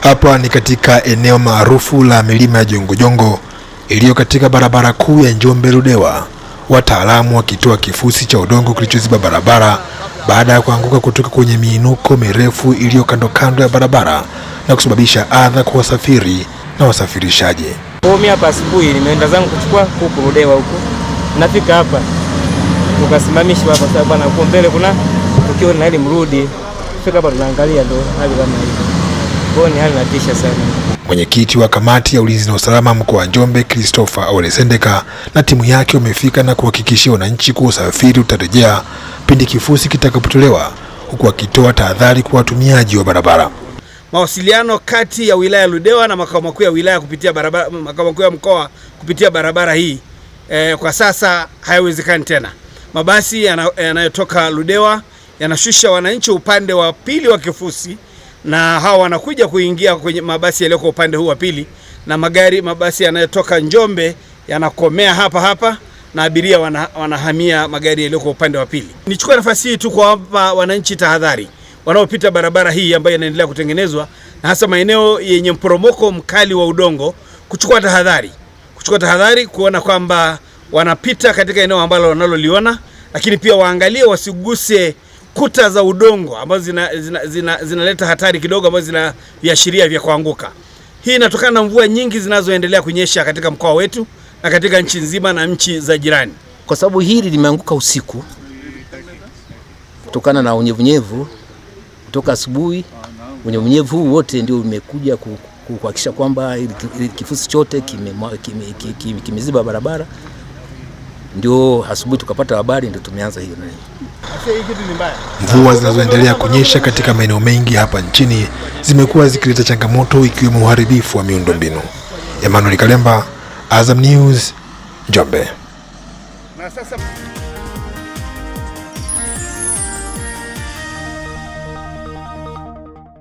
Hapa ni katika eneo maarufu la milima ya Jongojongo iliyo katika barabara kuu ya Njombe Ludewa, wataalamu wakitoa kifusi cha udongo kilichoziba barabara baada ya kuanguka kutoka kwenye miinuko mirefu iliyo kando kando ya barabara na kusababisha adha kwa wasafiri na wasafirishaji. Mimi hapa asubuhi nimeenda zangu kuchukua kuku Ludewa huko, nafika hapa tukasimamishwa hapa sababu na huko mbele kuna tukio na ile mrudi, fika hapa tunaangalia, ndo hali kama hiyo. Kwa ni hali natisha sana. Mwenyekiti wa kamati ya ulinzi na usalama mkoa wa Njombe, Christopher Olesendeka na timu yake wamefika na kuhakikishia wananchi kuwa usafiri utarejea pindi kifusi kitakapotolewa, huku akitoa tahadhari kwa watumiaji wa barabara. Mawasiliano kati ya wilaya Ludewa na makao makuu ya wilaya kupitia barabara, makao makuu ya mkoa kupitia barabara hii e, kwa sasa hayawezekani tena. Mabasi yanayotoka Ludewa yanashusha wananchi upande wa pili wa kifusi na hawa wanakuja kuingia kwenye mabasi yaliyoko upande huu wa pili, na magari mabasi yanayotoka Njombe yanakomea hapa hapa na abiria wana, wanahamia magari yaliyoko upande wa pili. Nichukua nafasi hii tu kuwapa wananchi tahadhari wanaopita barabara hii ambayo inaendelea kutengenezwa na hasa maeneo yenye mporomoko mkali wa udongo, kuchukua tahadhari, kuchukua tahadhari kuona kwamba wanapita katika eneo ambalo wanaloliona, lakini pia waangalie wasiguse kuta za udongo ambazo zinaleta zina, zina, zina hatari kidogo ambazo zina viashiria vya kuanguka. Hii inatokana na mvua nyingi zinazoendelea kunyesha katika mkoa wetu na katika nchi nzima na nchi za jirani. Kwa sababu hili limeanguka usiku kutokana na unyevunyevu kutoka asubuhi, unyevunyevu huu wote ndio umekuja kuhakikisha kwamba kifusi chote kimeziba kime, kime, kime barabara ndio asubuhi tukapata habari, ndio tumeanza hiyo nini. Mvua zinazoendelea kunyesha katika maeneo mengi hapa nchini zimekuwa zikileta changamoto ikiwemo uharibifu wa miundombinu. Emmanuel Kalemba, Azam News, Njombe.